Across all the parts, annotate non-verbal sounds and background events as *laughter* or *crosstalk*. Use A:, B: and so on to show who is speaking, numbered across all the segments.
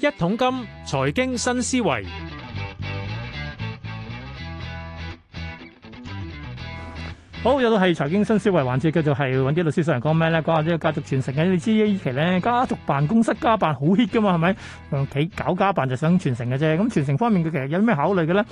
A: 一桶金財經新思維，好，又到係財經新思維環節，繼續係揾啲律師上嚟講咩咧？講下呢個家族傳承嘅。你知呢期咧家族辦公室家辦好 hit 㗎嘛？係咪企搞家辦就想傳承嘅啫？咁傳承方面佢其實有咩考慮嘅咧？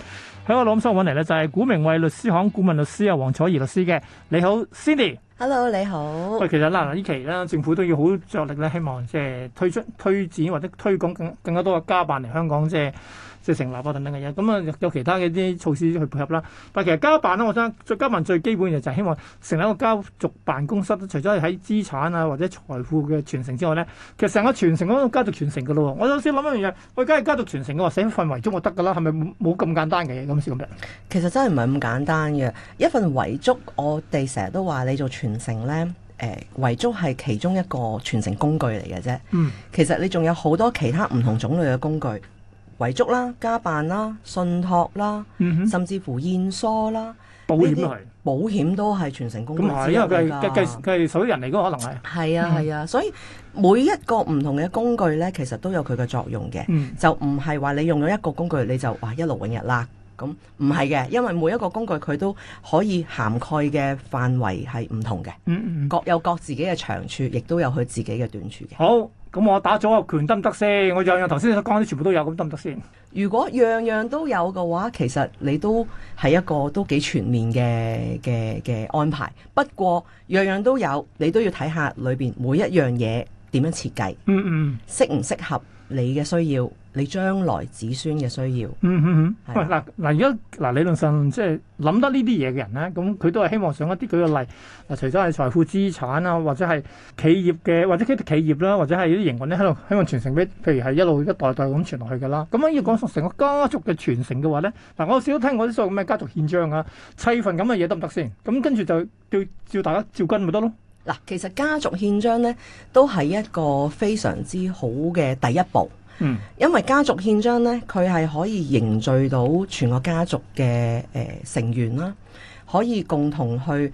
A: 喺我腦中揾嚟咧就係古明慧律師行顧問律師啊，黃楚儀律師嘅。你好，Cindy。
B: hello，你好。喂，其
A: 實嗱，呢期咧，政府都要好着力咧，希望即係推出推展或者推廣更更加多嘅家辦嚟香港即、就、係、是。即成立啊等等嘅嘢，咁啊有其他嘅啲措施去配合啦。但係其實加辦咧、啊，我想再加辦最基本嘅就係希望成立一個家族辦公室，除咗喺資產啊或者財富嘅傳承之外咧，其實成個傳承嗰個家族傳承嘅咯。我有先諗一樣嘢，我而家係家族傳承嘅話，寫
B: 份遺囑就得㗎啦，係咪冇咁簡單嘅嘢咁先咁樣？其實真係唔係咁簡單嘅。一份遺囑，我哋成日都話你做傳承咧，誒、呃、遺囑係其中一個傳承工具嚟嘅啫。嗯、其實你仲有好多其他唔同種類嘅工具。遺囑啦、家辦啦、信託啦，嗯、哼甚至乎現疏啦，保險都係保險都係傳承工具，因為佢佢佢佢係屬於人嚟，嗰可能係係啊係啊，啊嗯、所以每一個唔同嘅工具咧，其實都有佢嘅作用嘅。嗯、就唔係話你用咗一個工具，你就哇一勞永逸。啦咁唔係嘅，因為每一個工具佢都可以涵蓋嘅範圍係唔同嘅，嗯嗯各有各自己嘅長處，亦都有佢自己嘅短處嘅。好。咁我打咗個拳得唔得先？我樣樣頭先都講啲全部都有，咁得唔得先？如果樣樣都有嘅話，其實你都係一個都幾全面嘅嘅嘅安排。不過樣樣都有，你都要睇下裏邊每一樣嘢。點樣設計？嗯嗯，適唔適合你嘅需要？你將來子孫嘅需要？
A: 嗯嗯
B: 嗯。喂、啊，嗱嗱，如果嗱理論上即係諗得呢啲嘢嘅人咧，
A: 咁佢都係希望想一啲，舉個例，嗱，除咗係財富資產啊，或者係企業嘅，或者企業啦，或者係啲營運咧，喺度希望傳承俾，譬如係一路一代代咁傳落去噶啦。咁樣要講成個家族嘅傳承嘅話咧，嗱，我有時都聽過啲所謂咁嘅家族憲章啊、砌份咁嘅嘢得唔
B: 得先？咁跟住就叫叫大家照跟咪得咯。嗱，其實家族憲章咧都係一個非常之好嘅第一步，嗯，因為家族憲章咧佢係可以凝聚到全個家族嘅誒、呃、成員啦，可以共同去誒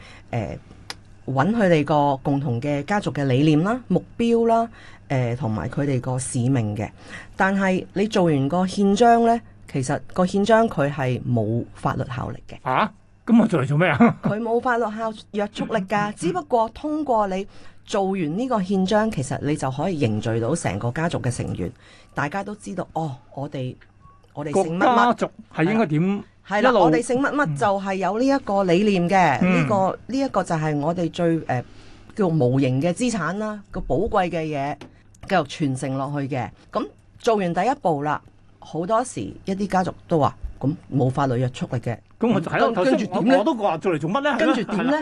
B: 揾佢哋個共同嘅家族嘅理念啦、目標啦，誒同埋佢哋個使命嘅。但係你做完個憲章咧，其實個憲章佢係冇法律效力嘅啊。咁我做嚟做咩啊？佢冇 *laughs* 法律效約束力噶只不過通過你做完呢個憲章，其實你就可以凝聚到成個家族嘅成員，大家都知道哦。我哋我哋姓乜乜，家族係應該點？係啦，我哋姓乜乜就係有呢一個理念嘅，呢、嗯這個呢一、這個就係我哋最誒、呃、叫無形嘅資產啦，叫寶貴嘅嘢，繼續傳承落去嘅。咁做完第一步啦，好多時一啲家族都話咁冇法律約束力嘅。咁、嗯嗯、我跟住點咧？我都話做嚟做乜咧跟住點咧？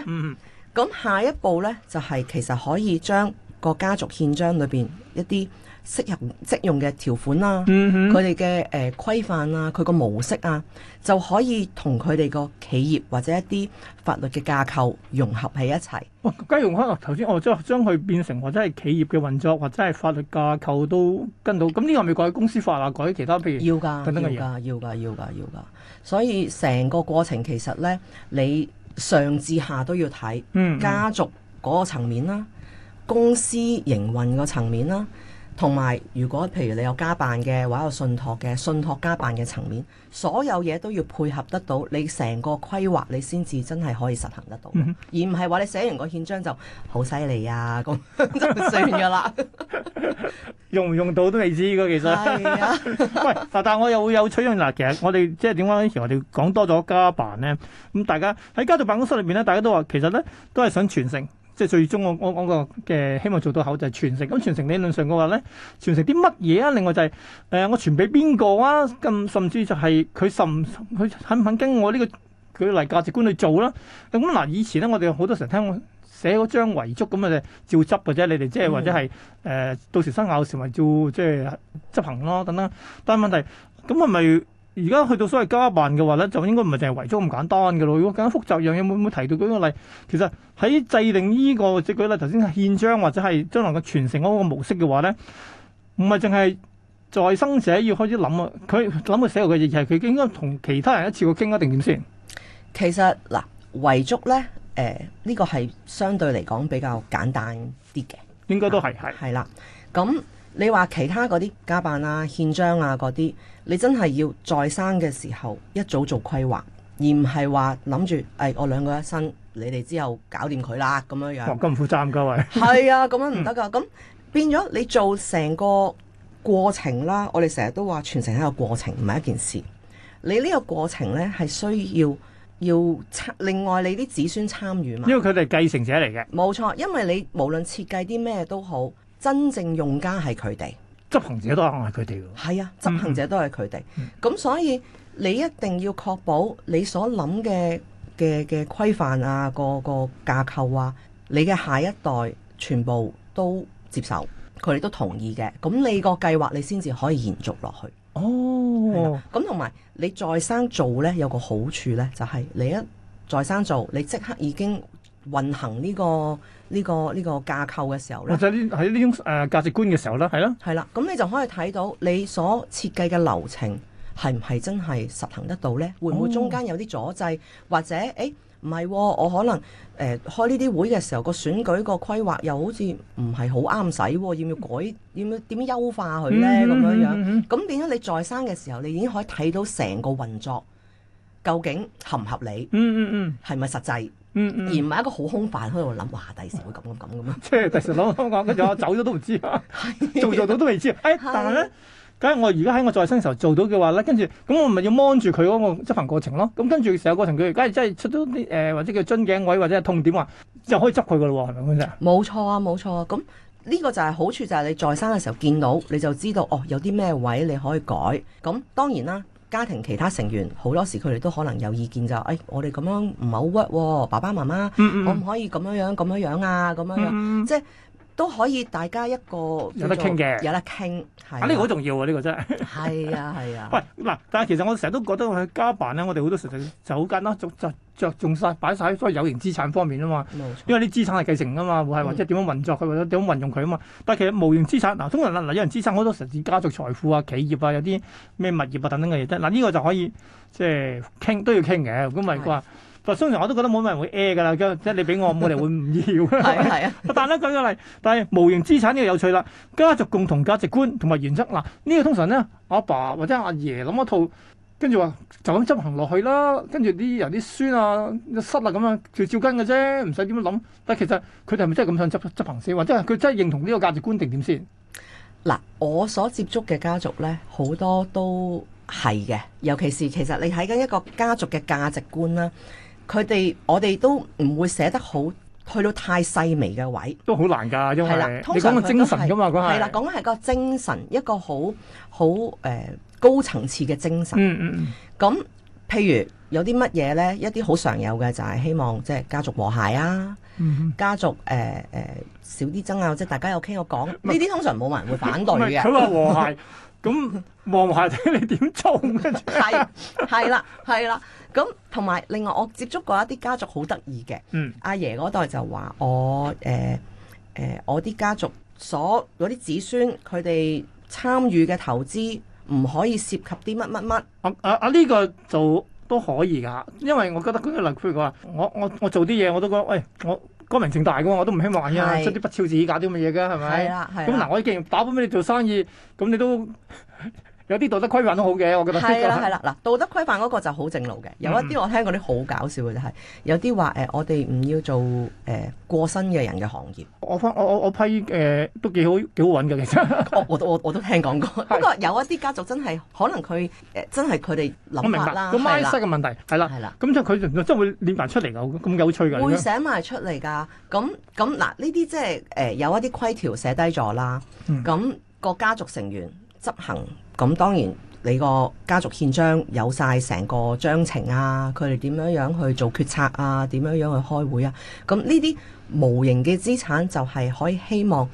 B: 咁 *laughs* 下一步咧，就係、是、其實可以將個家族憲章裏邊一啲適用適用嘅條款啦，佢哋嘅誒規範啊，佢個、嗯哼呃啊、模式啊，就可以同佢哋個企業或者一啲法律嘅架構融合喺一齊。哇、
A: 哦！假如我頭先我將將佢變成或者係企業嘅運作或者係法律架構都跟到，咁呢個咪改公司法啊，改其他譬如要㗎的
B: 要㗎要㗎要㗎，所以成個過程其實咧，你上至下都要睇家族嗰個層面啦，公司營運個層面啦。嗯同埋，如果譬如你有家辦嘅，或者有信託嘅，信託家辦嘅層面，所有嘢都要配合得到，你成個規劃你先至真係可以實行得到，嗯、哼而唔係話你寫完個憲章就好犀利啊，咁就算噶啦。
A: *laughs* *laughs* 用唔用到都未知噶，其實。
B: 係是啊。 *laughs* 喂，嗱，但係我
A: 又會有取用嗱，其實我哋即係點講？以前我哋講多咗家辦咧，咁大家喺家族辦公室入邊咧，大家都話其實咧都係想傳承。即係最終我我我個嘅希望做到口就係傳承，咁傳承理論上嘅話咧，傳承啲乜嘢啊？另外就係、是、誒、呃，我傳俾邊個啊？咁甚至就係佢甚佢肯唔肯跟我呢、這個舉例價值觀去做啦、啊？咁、嗯、嗱，以前咧我哋好多時候聽寫嗰張遺囑咁嘅就照執、就是嗯、或者你哋即係或者係誒到時生效時咪照即係執行咯，等等。但係問題咁係咪？而家去到所謂家辦嘅話咧，就應該唔係淨係遺囑咁簡單嘅咯。如果更加複雜樣嘢，會唔會提到舉個例？其實喺制定呢、呢個即舉例，頭先係憲章或者係將來嘅傳承嗰個模式嘅話咧，唔係淨係在生者要開始諗
B: 啊。佢諗佢寫嘅嘢係佢應該同其他人一次過傾一定點先？其實嗱、呃、遺囑咧，誒、呃、呢、呢個係相對嚟講比較簡單啲嘅，應該都係係啦。咁、啊。你話其他嗰啲家辦啊、憲章啊嗰啲，你真係要在生嘅時候一早做規劃，而唔係話諗住誒，我兩個一生，你哋之後搞掂佢啦咁樣樣。咁唔負責任各位。係啊，咁樣唔得噶，咁、嗯、變咗你做成個過程啦。我哋成日都話傳承係個過程，唔係一,一件事。你呢個過程呢，係需要要另外你啲子孫參與嘛。因為佢哋係繼承者嚟嘅。冇錯，因為你無論設計啲咩都好。真正用家係佢哋，執行者都係佢哋，係啊，執行者都係佢哋。咁、嗯嗯、所以你一定要確保你所諗嘅嘅嘅規範啊，個個架構啊，你嘅下一代全部都接受，佢哋都同意嘅。咁你個計劃你先至可以延續落去。哦，係啊，咁同埋你再生做咧，有個好處咧，就係、是、你一再生做，你即刻已經。運行呢、呢個呢、呢個呢、呢個架構嘅時候咧，就係呢係呢種誒、呃、價值觀嘅時候呢係咯，係啦。咁你就可以睇到你所設計嘅流程係唔係真係實行得到呢，會唔會中間有啲阻滯？哦、或者誒唔係我可能誒、呃、開呢啲會嘅時候，個選舉個規劃又好似唔係好啱使，要唔要改？要唔要點樣優化佢呢？咁、嗯、樣樣咁點解你在生嘅時候，你已經可以睇到成個運作究竟合唔合理？嗯嗯嗯，係咪實際？嗯嗯嗯嗯，嗯，而唔係一個好空泛，喺度諗，哇！第時會咁咁咁嘅咩？
A: 即係第時諗講講，跟住樣 *laughs* 我走咗都唔知， *laughs* 做做到都未知。哎，但係咧，咁 *laughs* 我而家喺我在生嘅時候做到嘅話咧，跟住咁我咪要 mon 住佢嗰個執行過程咯。咁跟住成個過程，佢假如真係出咗啲誒或者叫
B: 樽頸位或者係痛點話，就可以執佢噶嘞喎咁。冇錯啊，冇錯啊。咁呢個就係好處，就係你在生嘅時候見到，你就知道哦，有啲咩位你可以改。咁當然啦。家庭其他成員好多時佢哋都可能有意見，就誒、哎，我哋咁樣唔係好 work 喎、哦，爸爸媽媽，可唔、嗯嗯、可以咁樣樣、咁樣樣啊、咁樣樣，嗯嗯、即係。都可以，大家一個有得傾嘅，有得傾。啊，呢個好
A: 重要啊，呢、呢個真係。
B: 係 *laughs* 啊，係
A: 啊。喂，嗱，但係其實我成日都覺得佢家辦咧，我哋好多時就就好緊咯，著著著重晒擺晒所謂有形資產方面啊嘛。錯因為啲資產係繼承㗎嘛，或係或者點樣運作佢，或者點樣運，運用佢啊嘛。但係其實無形資產，嗱，通常嗱，有形資產好多時候係家族財富啊、企業啊，有啲咩物業啊等等嘅嘢啫。嗱，呢個就可以即係傾，都要傾嘅。咁咪唔話。但通常我都覺得冇乜人會 air 噶啦，即係你俾我 *laughs* 我哋會唔要。係係啊！ *laughs* 但係咧舉個例，但係無形資產呢個有趣啦，家族共同價值觀同埋原則嗱，呢個通常咧阿爸或者阿爺諗一套，跟住話就咁執行落去啦。跟住啲人啲孫啊、失啊咁樣就照照跟嘅啫，唔使點樣諗。但其實佢哋係咪真係咁想執執行先，或者佢真係認同呢個價值
B: 觀定點先？嗱，我所接觸嘅家族咧，好多都係嘅，尤其是其實你睇緊一個家族嘅價值觀啦。佢哋我哋都唔會寫得好去到太細微嘅位，都好難㗎，因為你講緊精神㗎嘛，嗰係啦，講緊係個精神，一個好好誒高層次嘅精神。嗯嗯，咁譬如有啲乜嘢咧，一啲好常有嘅就係希望即係家族和諧啊，嗯、家族誒誒、呃、少啲爭拗。即係大家有傾我講，呢啲是通常冇人會反對嘅，佢啊和諧。 *laughs* 咁望下睇你點做，係係啦係啦。咁同埋另外，我接觸過一啲家族好得意嘅。嗯，阿爺嗰代就話我誒誒，我啲家族所嗰啲子孫，佢哋參與嘅投資唔可以涉及啲乜乜乜。阿阿阿呢個就都可以噶，因為我覺得嗰啲例子佢話我我
A: 我做啲嘢，哎，我都覺得喂我。光明正大噶，我都唔希望呀、啊，是出啲不肖自己搞啲咁嘅嘢噶，係咪？咁嗱，我既然打本畀你做生意，咁你都。 *laughs* 有啲道德規範都好嘅，我覺得係啦係啦
B: 嗱。道德規範嗰個就好正路嘅。有一啲我聽過啲好搞笑嘅，就係、嗯、有啲話誒，我哋唔要做誒、呃、過身嘅人嘅行業。我我我批誒都幾好幾好揾嘅，其實我我我都聽講過。不過是有一啲家族真係可能佢誒、呃、真係佢哋諗法啦係啦。咁邏輯嘅
A: 問題係啦係啦，咁即係佢真會，會寫埋出嚟嘅，咁咁
B: 有趣嘅會寫埋出嚟㗎。咁咁嗱呢啲即係誒有一啲規條寫低咗啦。咁、個家族成員執行。咁當然你個家族憲章有晒成個章程啊，佢哋點樣樣去做決策啊，點樣樣去開會啊，咁呢啲無形嘅資產就係可以希望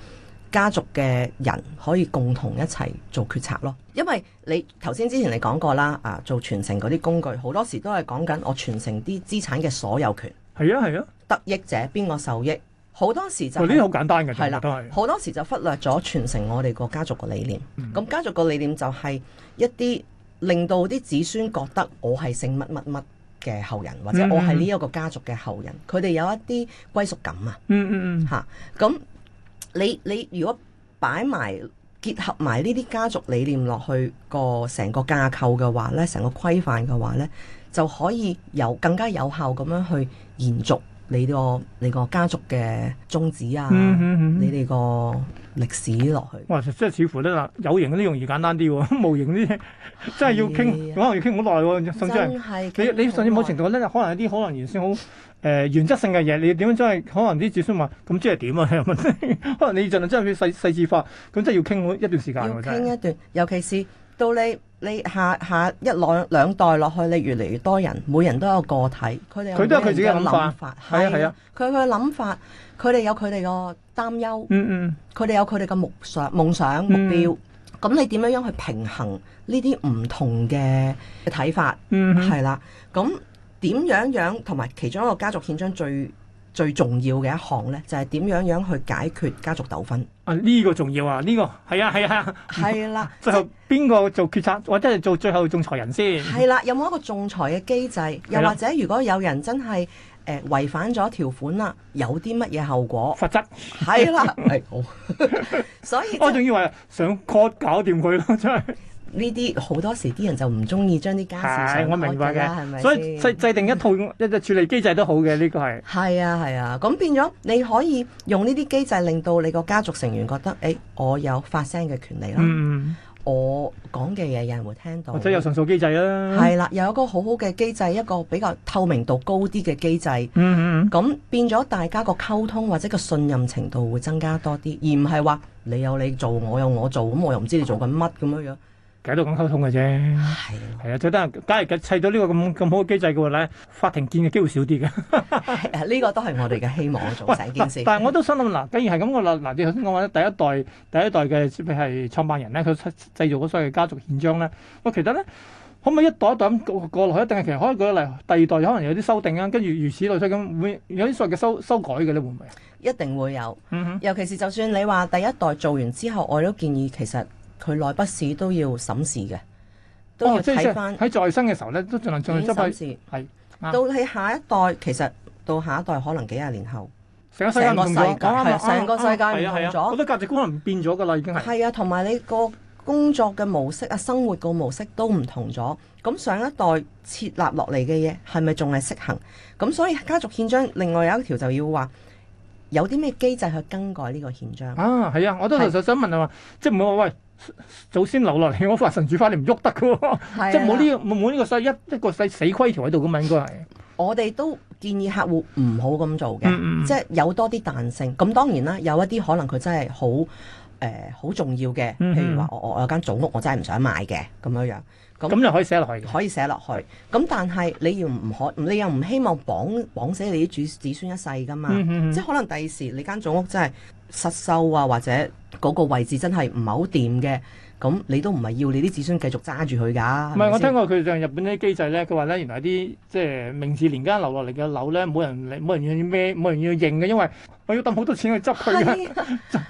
B: 家族嘅人可以共同一齊做決策咯。因為你頭先之前你講過啦，啊做傳承嗰啲工具好多時都係講緊我傳承啲資產嘅所有權，係啊係啊，啊得益者邊個受益？好多時就呢啲好簡單嘅，係啦的，好多時就忽略咗傳承我哋個家族個理念。咁、嗯、家族個理念就係一啲令到啲子孫覺得我係姓乜乜乜嘅後人，或者我係呢一個家族嘅後人，佢哋、嗯、有一啲歸屬感啊、嗯。嗯嗯嗯，嚇咁你你如果擺埋結合埋呢啲家族理念落去個成個架構嘅話咧，成個規範嘅話咧，就可以有更加有效咁樣去延續。你個你個家族嘅宗旨啊，嗯、哼哼你哋個歷史落去。哇，即係似乎咧，有形嗰啲容易簡單啲，無形嗰啲真係要傾，
A: 啊、可能要傾好耐，甚至係你你甚至某程度咧，可能有啲可能原先好誒原則性嘅嘢，你點樣真係可能啲子孫話咁即係點啊？可能、呃、你盡、啊、 *laughs* 量真係要細細
B: 致化，咁真係要傾一段時間。要傾一段，的尤其是到你。你下下一兩兩代落去，你越嚟越多人，每人都有個體，佢哋佢都有佢自己嘅諗法，係係啊，佢有佢嘅諗法，佢哋有佢哋個擔憂，嗯嗯，佢哋有佢哋嘅目標夢想目標，咁你點樣樣去平衡呢啲唔同嘅睇法？嗯，係啦，咁點樣樣同埋其中一個家族憲章最。最重要嘅一項呢，就係點樣樣去解決家族糾紛。
A: 啊，呢、這個重要啊，呢、這個係啊係啊，係啦、啊。
B: 啊啊、最後邊個即做決策，或者係做最後仲裁人先？係啦、啊，有冇一個仲裁嘅機制？又或者如果有人真係誒、呃、違反咗條款啦，有啲乜嘢後果？罰則，係啦，係、啊 *laughs* 哎、好。 *laughs* 所以 *laughs* 我仲以為想 court 搞掂佢咯，真係。呢啲好多時啲人就唔中意將啲家事上我上攤嘅，係咪？所以制
A: 制定一套 *laughs* 一個處理機制都好嘅，呢、這個
B: 係係啊係啊，咁、啊、變咗你可以用呢啲機制，令到你個家族成員覺得，誒、欸，我有發聲嘅權利啦，嗯嗯我講嘅嘢有人會聽到，或者有上訴機制啊？係啦、啊，有一個好好嘅機制，一個比較透明度高啲嘅機制，咁、嗯嗯嗯、變咗大家個溝通或者個信任程度會增加多啲，而唔係話你有你做，我有我做，咁我，我，我又唔知你做緊乜咁樣樣。解到咁溝通嘅啫，
A: 係、哎、呦啊，就等下假如架砌到呢個咁咁好嘅機制嘅話，嗱，法庭見嘅機會少啲嘅。
B: 呢 *laughs* 個都係我哋嘅希望 *laughs* 做一件事。 *laughs* 但係我
A: 都想諗嗱，既然係咁我啦，嗱你頭先講話第一代第一代嘅，譬如係創辦人咧，佢製造所謂嘅家族憲章咧，喂，其實咧，可唔可以一代一代咁過落去？一定係，其實可以舉例，第二代可能有啲修訂啊，跟住如此類出咁會
B: 有啲所謂嘅修修改嘅咧，會唔會啊？一定會有，嗯、哼尤其是就算你話第一代做完之後，我都建議其實。佢內部事都要審視嘅，
A: 都要睇翻喺
B: 在生嘅時候咧，都盡量盡量執翻。審視到喺下一代，其實到下一代可能幾廿年後，成個世界成個世界唔同咗，好多價值觀係唔變咗㗎啦，已經係。係啊，同埋你個工作嘅模式啊，生活個模式都唔同咗。咁上一代設立落嚟嘅嘢係咪仲係適行？咁所以家族憲章另外有一條就要話，有啲咩機制去更改呢個憲章啊？係啊，我都其
A: 實想問啊，話即係唔好話喂。祖先留落嚟，我佛神主翻你唔喐得嘅，啊、即係冇呢個
B: 冇冇呢個細一一個細死規條喺度咁啊，應該係。我哋都建議客戶唔好咁做嘅，即係、嗯、有多啲彈性。咁當然啦，有一啲可能佢真係好誒好、呃、重要嘅，譬如話我我我有間祖屋，我真係唔想買嘅咁樣樣。咁就可以寫落去，可以寫落去。咁但係你要唔可，你又唔希望綁綁死你啲子子孫一世噶嘛？嗯嗯，即係可能第二時你間祖屋真係失修啊，或者嗰個位置真係唔係好掂嘅，咁你都唔係要你啲子孫繼續揸住佢噶。唔係是，嗯、我聽
A: 過佢就係日本啲機制咧，佢話咧，原來啲即係明治年間留落嚟嘅樓咧，冇人冇
B: 人願意孭，冇人要認嘅，因為我要抌好多錢去執佢咧，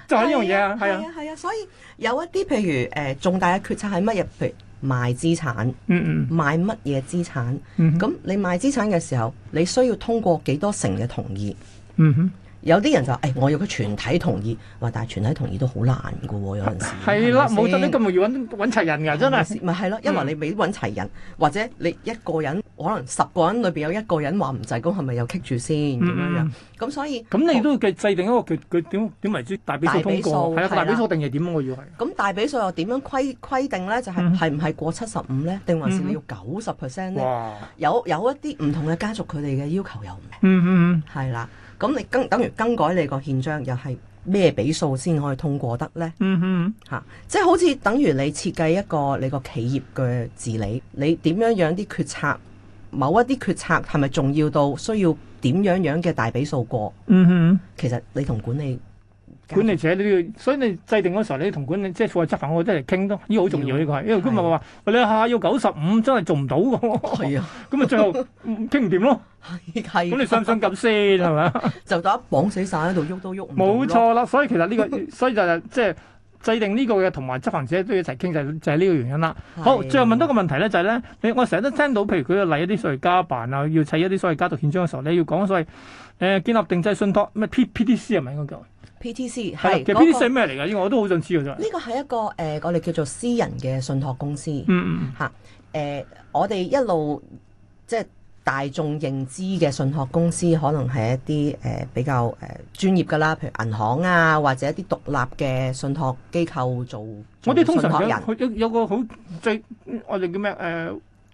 B: 就係呢樣嘢啊，係 *laughs* 啊，係啊，啊，啊，啊。所以有一啲譬如誒重大嘅決策係乜入邊？賣資產，嗯嗯賣乜嘢資產？咁、嗯、哼你賣資產嘅時候，你需要通過幾多成嘅同意？嗯、哼有啲人就話誒、哎，我要個全體同意，話但係全體同意都好難噶、啊，有陣時係啦，冇得你咁容易搵搵齊人噶，真係咪係咯？因為你未搵齊人，嗯、或者你一個人。可能十個人裏邊有一個人話唔濟，咁係咪又棘住先咁樣樣？咁所以咁你都
A: 要計制定一個佢佢點點為之大比數通過？係啊，大比數
B: 定係點？我要係咁大比數又點樣規規定咧？就係係唔係過七十五咧？定還是你要九十 percent 咧？有有一啲唔同嘅家族，佢哋嘅要求又唔同。嗯係啦。咁你更等於更改你個憲章，又係咩比數先可以通過得咧？嗯，嚇！即係好似等於你設計一個你個企業嘅治理，你點樣樣啲決策？某一啲決策係咪重要到需要點樣樣嘅大比數過？嗯哼，其實你同管理管理者你都要，所以你制
A: 定嗰時候你同管理即係負責執行嗰啲嚟傾咯，呢、這個好重要呢要、這個係，因為今日話喂，的你下要九十五真係做唔到㗎，係啊的，咁啊 *laughs* 最後傾唔掂咯，係係，咁的你信唔信咁先係咪啊？ *laughs* 就打
B: 綁死晒喺度喐都喐唔到，冇錯
A: 啦。所以其實呢、這個，所以就係即係。就係制定呢個嘅，同埋執行者都要一齊傾偈，就係、是、呢個原因啦。好，最後再問多個問題咧，就係、是、咧，你我成日都聽到，譬如佢要例一啲所謂家辦啊，要砌一啲所謂家族憲章嘅時候，你要講所謂誒、呃、建立定製信託咩 PPTC 係咪應該叫
B: PTC？係其實 PTC 係
A: 咩嚟㗎？呢個我都好想知㗎。呢
B: 個係一個誒、呃，我哋叫做私人嘅信託公司。嗯嗯，嚇、啊呃、我哋一路即係。大眾認知嘅信託公司可能係一啲誒、呃、比較誒、呃、專業㗎啦，譬如銀行啊，或者一啲獨立嘅信託機構做。做我哋通常佢有，
A: 有，有個好最、嗯、我哋叫咩誒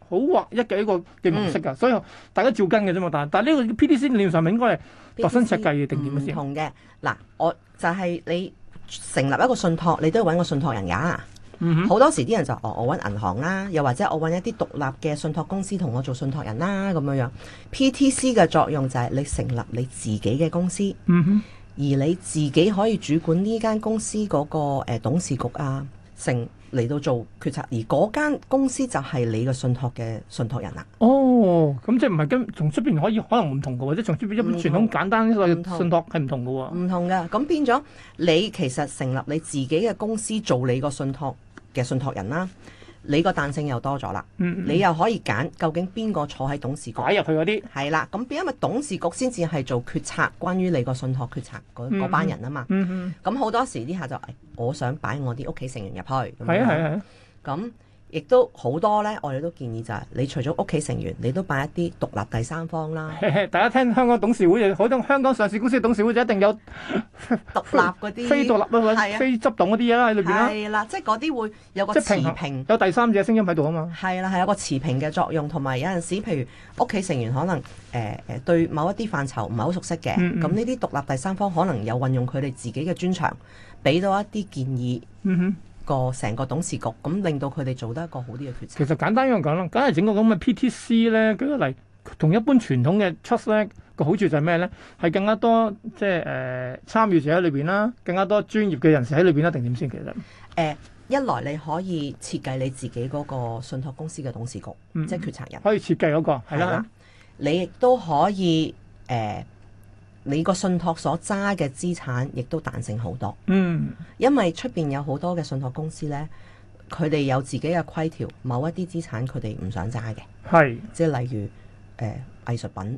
A: 好劃一嘅一個嘅模式㗎，嗯、所以大家照跟嘅啫嘛。但但呢個 PDC 理念上面應該
B: 係獨身設計定點樣唔同嘅嗱，我就係、是、你成立一個信託，你都要搵個信託人噶。啊嗯。好多時啲人就哦，我揾銀行啦，又或者我揾一啲獨立嘅信託公司同我做信託人啦，咁樣樣。PTC 嘅作用就係你成立你自己嘅公司，嗯、哼而你自己可以主管呢間公司嗰個董事局啊，成嚟到做決策，而嗰間公司就係你個信託嘅信託人啦。
A: 哦，咁即係唔係跟從出邊可以可能唔同嘅，或者從出邊一般傳統簡
B: 單嘅信託係唔同嘅喎？唔同嘅，咁變咗你其實成立你自己嘅公司做你個信託。嘅信託人啦，你個彈性又多咗啦，嗯、你又可以揀究竟邊個坐喺董事局擺入去嗰啲，係啦，咁因為董事局先至係做決策，關於你個信託決策嗰、嗯、班人啊嘛，咁好、嗯嗯嗯、多時呢下就，哎、我想擺我啲屋企成員入去，係啊係啊，咁。亦都好多咧，我哋都建議就係、是，你除咗屋企成員，你都擺一啲獨立第三方啦。嘿嘿，大家聽香港董事會，好多香港上市公司董事會就一定有 *laughs* 獨立嗰啲非獨立或者、啊、非執董嗰啲嘢啦喺裏邊啦。係啦、啊，即係嗰啲會有個持平，即平有第三者聲音喺度啊嘛。係啦、啊，係有個持平嘅作用，同埋有陣時，譬如屋企成員可能誒誒、呃、對某一啲範疇唔係好熟悉嘅，咁呢啲獨立第三方可能有運用佢哋自己嘅專長，俾到一啲建議。哼、嗯。個成個董事局咁，令到佢哋做得一個好啲嘅決策。其實簡單樣講
A: 啦，梗係整個咁嘅 PTC 咧，舉個例，同一般傳統嘅 trust 咧，個好處就係咩咧？係更加多即係誒參與者喺裏邊啦，更加多專業嘅人士喺裏邊，一定點先其實。
B: 誒、呃、一來你可以設計你自己嗰個信託公司嘅董事局，嗯、即係決策人。可以設計嗰、個係啦，你亦都可以誒。呃你個信託所揸嘅資產，亦都彈性好多。嗯，因為出邊有好多嘅信託公司呢，佢哋有自己嘅規條，某一啲資產佢哋唔想揸嘅，係即係例如誒、呃、藝術品。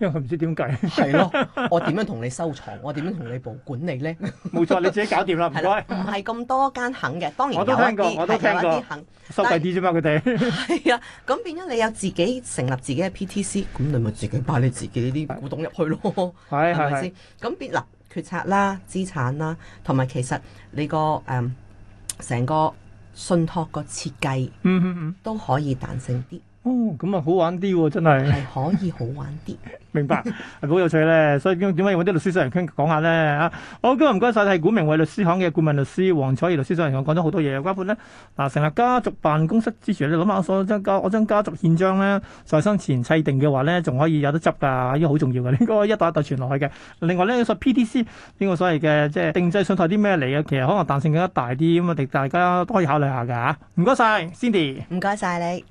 B: 因為唔知點計，係咯？我點樣同你收藏？ *laughs* 我點樣同你保管你咧？冇錯，你自己搞掂啦，唔該。唔係咁多間肯嘅，當然我都聽過，我都聽過，行收細啲啫嘛，佢哋。係啊，咁變咗你有自己成立自己嘅 PTC，咁你咪自己擺你自己啲古董入去咯，係係咪先？咁別立決策啦、資產啦，同埋其實你個誒成個信託個設計，都可以彈性啲。哦，咁啊，好玩啲、哦、真係係 *laughs* 可以好玩啲， *laughs* 明白好有趣
A: 咧。所以點解要揾啲律師上嚟傾講下咧？啊，好今日唔該晒，係古明慧律師行嘅顧問律師黃楚儀律師上嚟，我講咗好多嘢。包括咧嗱，成立家族辦公室之前你諗下我將家我將家族憲章咧在生前砌定嘅話咧，仲可以有得執噶，呢個好重要嘅，應 *laughs* 該一代一代傳落去嘅。另外咧，所 PTC 呢個所謂嘅即係定製信託啲咩嚟嘅？其實可能彈性更加大啲咁啊，大家都可以考慮下噶吓、啊。唔該晒 Cindy
B: 唔該晒你。